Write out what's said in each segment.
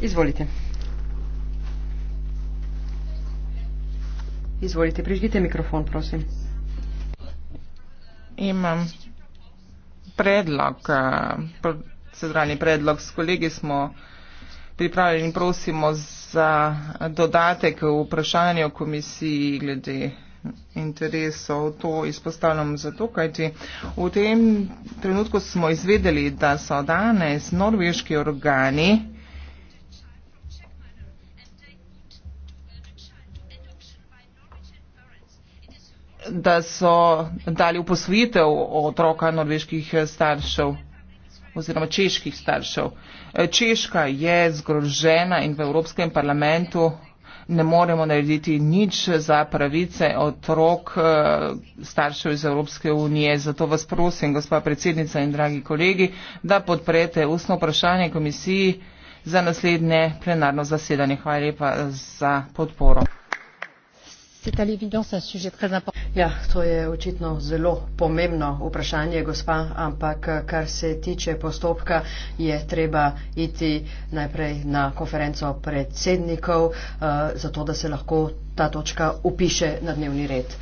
Izvolite. Izvolite, prižgite mikrofon, prosim. Imam predlog, se eh, zranji predlog, s kolegi smo pripravili in prosimo za dodatek v vprašanju komisiji glede interesov. To izpostavljam zato, kajti v tem trenutku smo izvedeli, da so danes norveški organi, da so dali v posvojitev otroka norveških staršev oziroma čeških staršev. Češka je zgrožena in v Evropskem parlamentu ne moremo narediti nič za pravice otrok eh, staršev iz Evropske unije. Zato vas prosim, gospa predsednica in dragi kolegi, da podprete ustno vprašanje komisiji za naslednje plenarno zasedanje. Hvala lepa za podporo. C'est à l'évidence un sujet très important. Ja, to je očitno zelo pomembno vprašanje, gospa, ampak kar se tiče postopka, je treba iti najprej na konferenco predsednikov, eh, zato da se lahko ta točka upiše na dnevni red.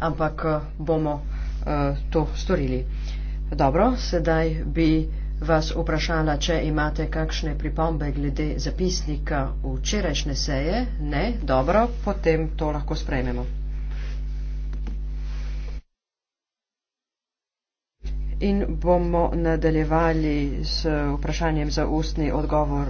Ampak eh, bomo eh, to storili. Dobro, sedaj bi vas vprašala, če imate kakšne pripombe glede zapisnika včerajšnje seje. Ne, dobro, potem to lahko sprejmemo. in bomo nadaljevali z vprašanjem za ustni odgovor.